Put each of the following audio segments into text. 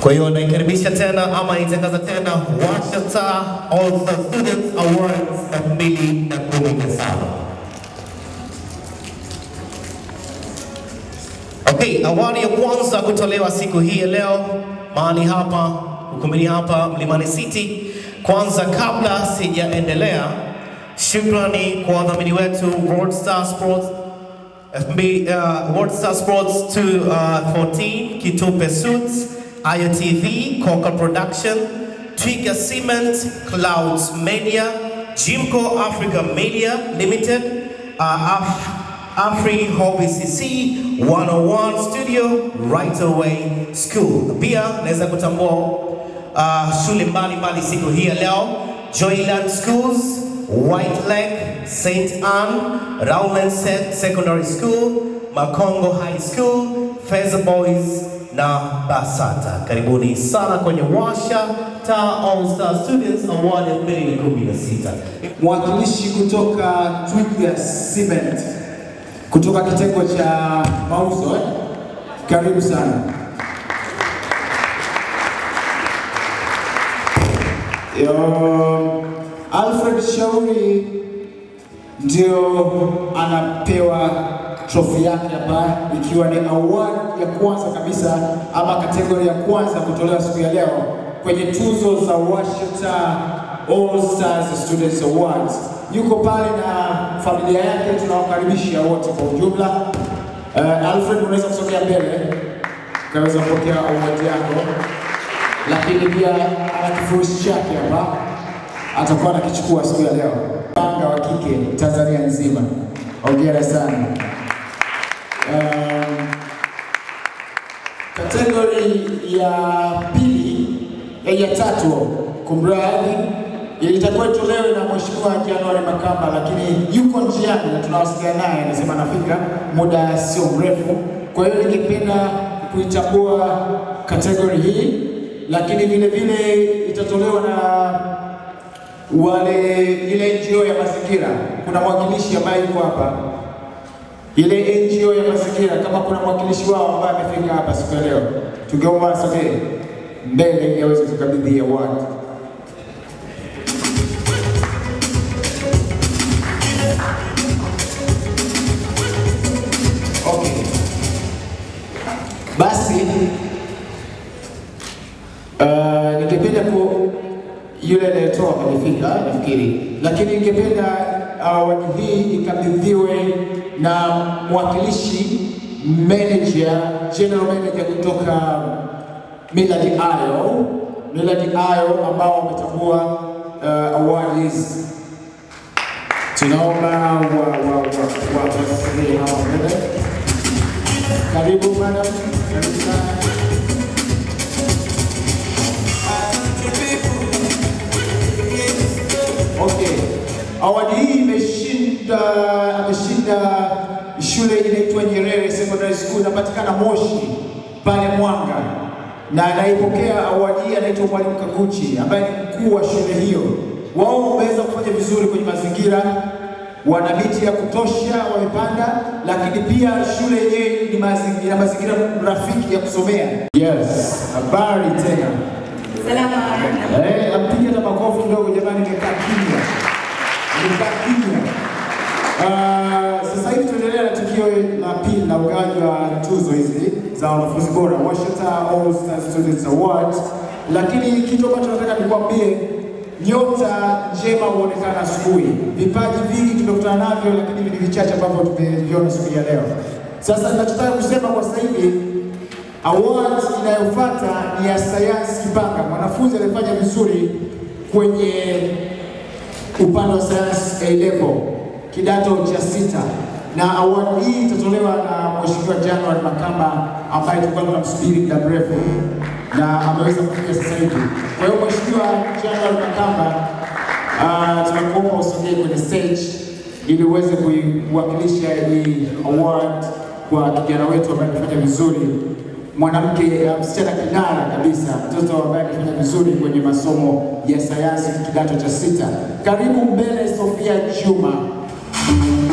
Kwa hiyo naikaribisha tena ama naitangaza tena Washa Taa All Star Students Awards 2017. Okay, awali ya kwanza kutolewa siku hii ya leo mahali hapa ukumbini hapa Mlimani City. Kwanza, kabla sijaendelea, shukrani kwa wadhamini wetu Star Sports FB, uh, World Sports 214, uh, Quito Pursuits, IOTV, Coca Production, Trigger Cement, Clouds Media, Jimco Africa Media Limited, uh, Af Afri Hobby CC, 101 Studio, Right Away School. Pia Neza Kutambo, uh, shule mbalimbali siku hii leo, Joyland Schools, White Lake, St. Anne, Rowland Secondary School, Makongo High School, Feza Boys na Basata. Karibuni sana kwenye Washa Ta All Star Students Award 2016. Mwakilishi kutoka Twiga Cement kutoka kitengo cha mauzo, karibu sana. Yo. Alfred Shauri ndio anapewa trofi yake hapa, ikiwa ni award ya kwanza kabisa ama kategori ya kwanza kutolewa siku ya leo kwenye tuzo za Washita All Stars Students Awards. Yuko pale na familia yake, tunawakaribisha wote kwa ujumla. Uh, Alfred, unaweza kusogea mbele ukaweza kupokea award yako, lakini pia ana kifurushi chake hapa atakuwa anakichukua siku ya leo. Panga wa kike Tanzania nzima, hongera sana. Um, kategori ya pili ya tatu, kumradhi, ilitakuwa itolewe na Mheshimiwa januari Makamba, lakini yuko njiani na tunawasiliana naye, anasema anafika muda sio mrefu. Kwa hiyo ningependa kuitambua kategori hii, lakini vile vile itatolewa na wale ile NGO ya mazingira, kuna mwakilishi ambaye yuko hapa, ile NGO ya mazingira, kama kuna mwakilishi wao ambaye amefika hapa siku ya leo, tungeomba asogee mbele ili aweze kukabidhi award. Okay. Basi yule anayetoa alifika nafikiri, lakini ingependa awadi hii ikabidhiwe na mwakilishi manager, general manager kutoka Millard Ayo, Millard Ayo ambao wametambua uh, awadi hizi. wa wa wa wa Karibu madam, karibu sana. zinapatikana Moshi pale Mwanga, na anaipokea awadi anaitwa Mwalimu Kakuchi ambaye ni mkuu wa shule hiyo. Wao wameweza kufanya vizuri kwenye mazingira, wana miti ya kutosha wamepanda, lakini pia shule yenyewe ni mazingira mazingira rafiki ya kusomea. Yes, habari tena. Salama. Eh, hey, apiga na makofi kidogo jamani, nimekaa kimya. Nimekaa kimya. Uh, sasa hivi tuendelea na tukio la pili la ugawaji wa tuzo hizi za wanafunzi bora Washita All Star Students Award, lakini kitu ambacho nataka nikwambie nyota njema huonekana asubuhi. Vipaji vingi tumekutana navyo, lakini ni vichache ambavyo tumeviona siku ya leo. Sasa ninachotaka kusema kwa sasa hivi, award inayofuata ni ya sayansi kipanga, mwanafunzi aliyefanya vizuri kwenye upande wa sayansi A level kidato cha sita, na award hii itatolewa na Mheshimiwa January Makamba ambaye tulikuwa tunamsubiri muda mrefu na ameweza kufika sasa hivi. Kwa hiyo Mheshimiwa January Makamba, uh, tunakuomba usogee kwenye stage ili uweze kuwakilisha hii award kwa kijana wetu ambaye amefanya vizuri, mwanamke ah, msichana kinara kabisa, mtoto ambaye amefanya vizuri kwenye masomo ya sayansi kidato cha sita. Karibu mbele Sofia Chuma. Thank you.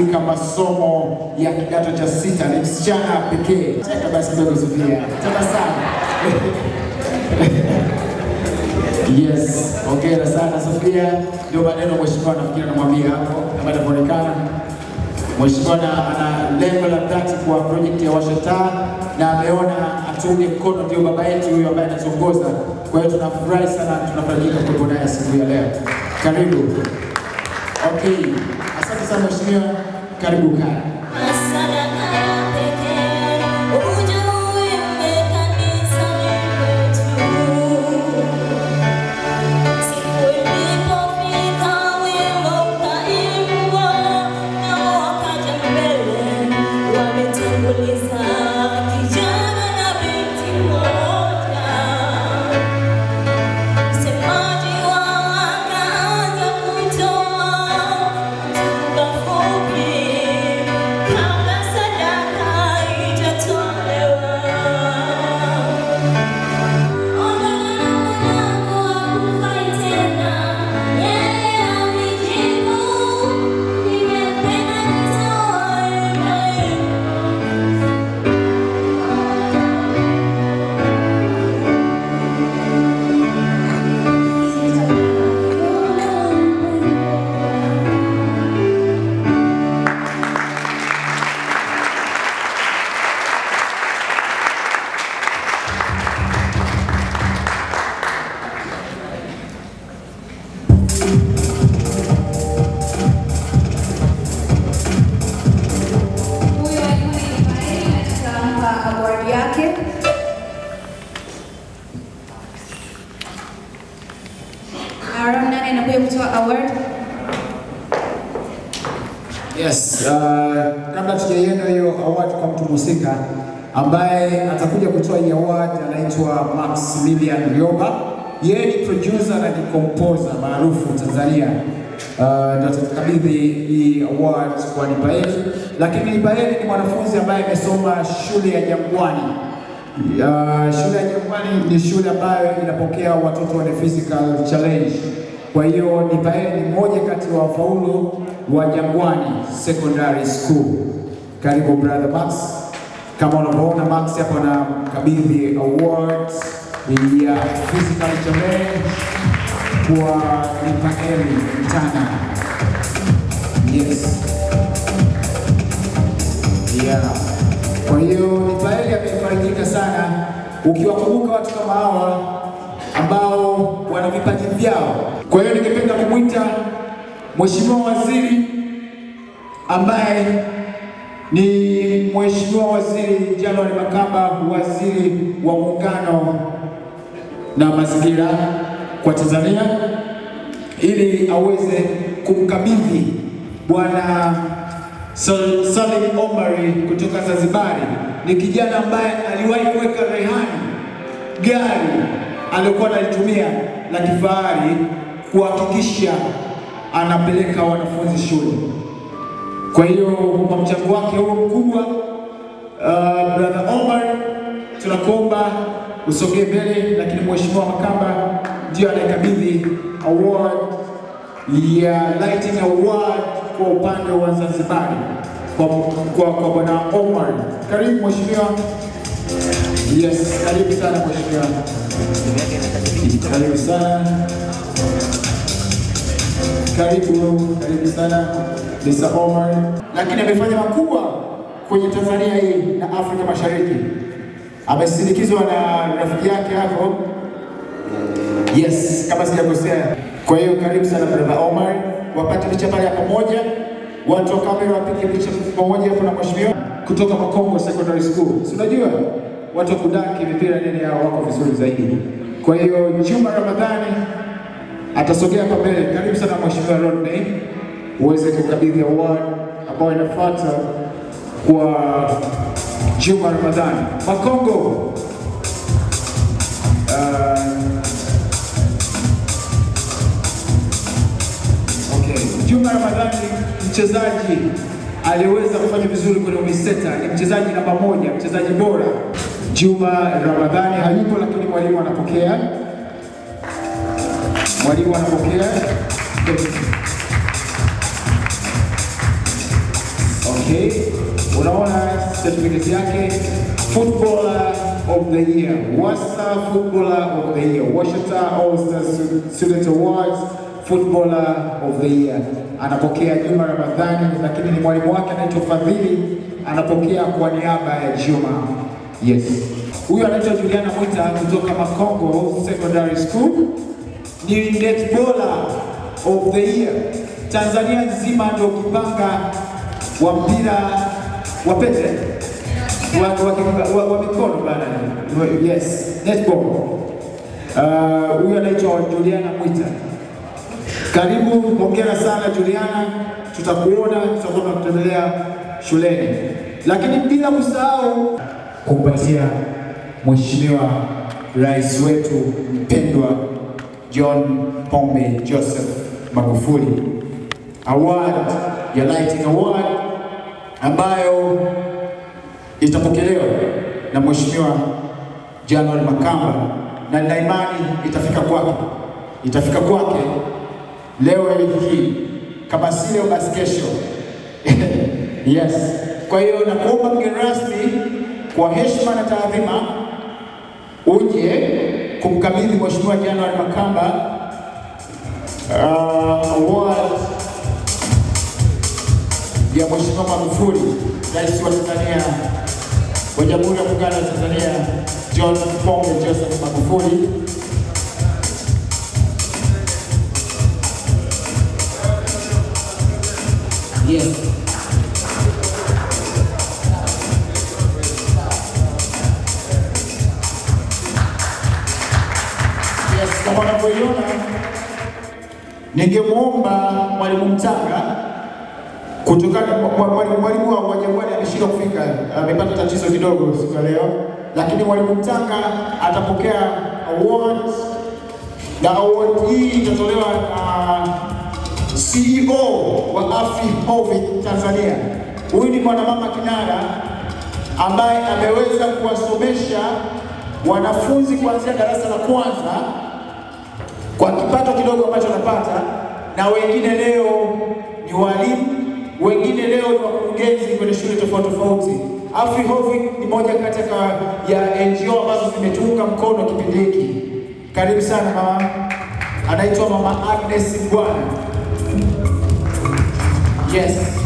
katika masomo ya kidato cha sita, ni msichana pekee. Cheka basi kidogo Sofia, tabasamu. Yes, hongera sana Sofia. Ndio maneno mheshimiwa nafikiri anamwambia hapo kama inavyoonekana. Mheshimiwa ana lengo la dhati kwa projekti ya Washa Taa na ameona atunge mkono, ndio baba yetu huyo ambaye anatuongoza. Kwa hiyo tunafurahi sana, tunafarijika kuwepo naye siku ya leo. Karibu. Okay, asante sana mheshimiwa. terbuka. mhusika ambaye atakuja kutoa hii award anaitwa Maximilian Ryoba. Yeye ni producer na ni composer maarufu Tanzania. Uh, atakabidhi hii award kwa Nipaeli, lakini Nipaeli ni mwanafunzi ambaye amesoma shule ya Jangwani. Uh, shule ya Jangwani ni shule ambayo inapokea watoto wenye physical challenge. Kwa hiyo Nipaeli ni mmoja kati wa wafaulu wa Jangwani Secondary School. Karibu brother Max. Kama unavyoona Max hapo na kabidhi awards ya physical challenge kwa Nipaeli Mtana. Yes. Yeah. Kwa hiyo Michael amefarijika sana, ukiwakumbuka watu kama hawa ambao wana vipaji vyao. Kwa hiyo ningependa kumwita Mheshimiwa Waziri ambaye ni Mheshimiwa Waziri January Makamba, waziri wa muungano na mazingira kwa Tanzania, ili aweze kumkabidhi bwana Salim Omari kutoka Zanzibar. Ni kijana ambaye aliwahi kuweka rehani gari aliyokuwa analitumia la kifahari kuhakikisha anapeleka wanafunzi shule. Kwa hiyo kwa mchango wake huo mkubwa, uh, brother Omar, tunakuomba usogee mbele, lakini mheshimiwa Makamba ndio anayekabidhi award ya lighting award kwa upande wa Zanzibar kwa, kwa, kwa bwana Omar. Karibu mheshimiwa. Yes, karibu sana mheshimiwa. Karibu sana, karibu, karibu sana. Mr. Omar, lakini amefanya makubwa kwenye Tanzania hii na Afrika Mashariki. Amesindikizwa na rafiki yake hapo, yes, kama sijakosea. Kwa hiyo karibu sana brother Omar, wapate picha pale hapo pamoja, watu wa kamera wapige picha pamoja hapo na mheshimiwa kutoka Makongo Secondary School, si unajua watu kudaki mipira nini hao wako vizuri zaidi. Kwa hiyo Juma Ramadhani atasogea kwa mbele. Karibu sana mheshimiwa Rodney uweze kukabidhi award ambayo inafuata kwa Juma Ramadhani Makongo. Uh, okay. Juma Ramadhani mchezaji aliweza kufanya vizuri kwenye UMISETA, ni mchezaji namba moja, mchezaji bora. Juma Ramadhani hayupo, lakini mwalimu anapokea, mwalimu anapokea. Okay? Unaona certificate yake footballer of the year, Wasa footballer of the year, Washington All-Star Student Awards footballer of the year. Anapokea Juma Ramadhani, lakini ni mwalimu wake anaitwa Fadhili, anapokea kwa niaba ya Juma. Yes. Huyu anaitwa Juliana Mwita kutoka Makongo Secondary School ni netballer of the year. Tanzania nzima ndio kipanga wa mpira wa pete wa, wa, wa mikono bana, yes, netball. Uh, huyu uh, anaitwa Juliana Mwita. Karibu, hongera sana Juliana, tutakuona, tutakuwa tunakutembelea shuleni, lakini bila kusahau kumpatia Mheshimiwa Rais wetu mpendwa John Pombe Joseph Magufuli award ya Lighting Award ambayo itapokelewa na Mheshimiwa January Makamba na nina imani itafika kwake, itafika kwake leo hii, kama si leo basi kesho. Yes, kwa hiyo nakuomba mgeni rasmi, kwa heshima na taadhima, uje kumkabidhi Mheshimiwa January Makamba uh, award ya Mheshimiwa Magufuli, Rais wa Tanzania wa Jamhuri ya Muungano wa Tanzania, John Pombe Joseph Magufuli. Yes. Yes, kama unavyoiona, ningemwomba mwalimu Mtanga kutokana mwalimu wao wa Jangwani ameshindwa kufika, amepata tatizo kidogo siku ya leo, lakini mwalimu Mtanga atapokea award na award hii itatolewa na CEO wa AFRIHOVI Tanzania. Huyu ni mwanamama kinara ambaye ameweza kuwasomesha wanafunzi kuanzia darasa la kwanza kwa kipato kidogo ambacho anapata, na wengine leo ni walimu wengine leo ni wakurugenzi kwenye shule tofauti tofauti. AFRIHOVI ni moja kati ya NGO ambazo zimetuunga mkono kipindi hiki. Karibu sana mama, anaitwa Mama Agnes Mbwana. Yes.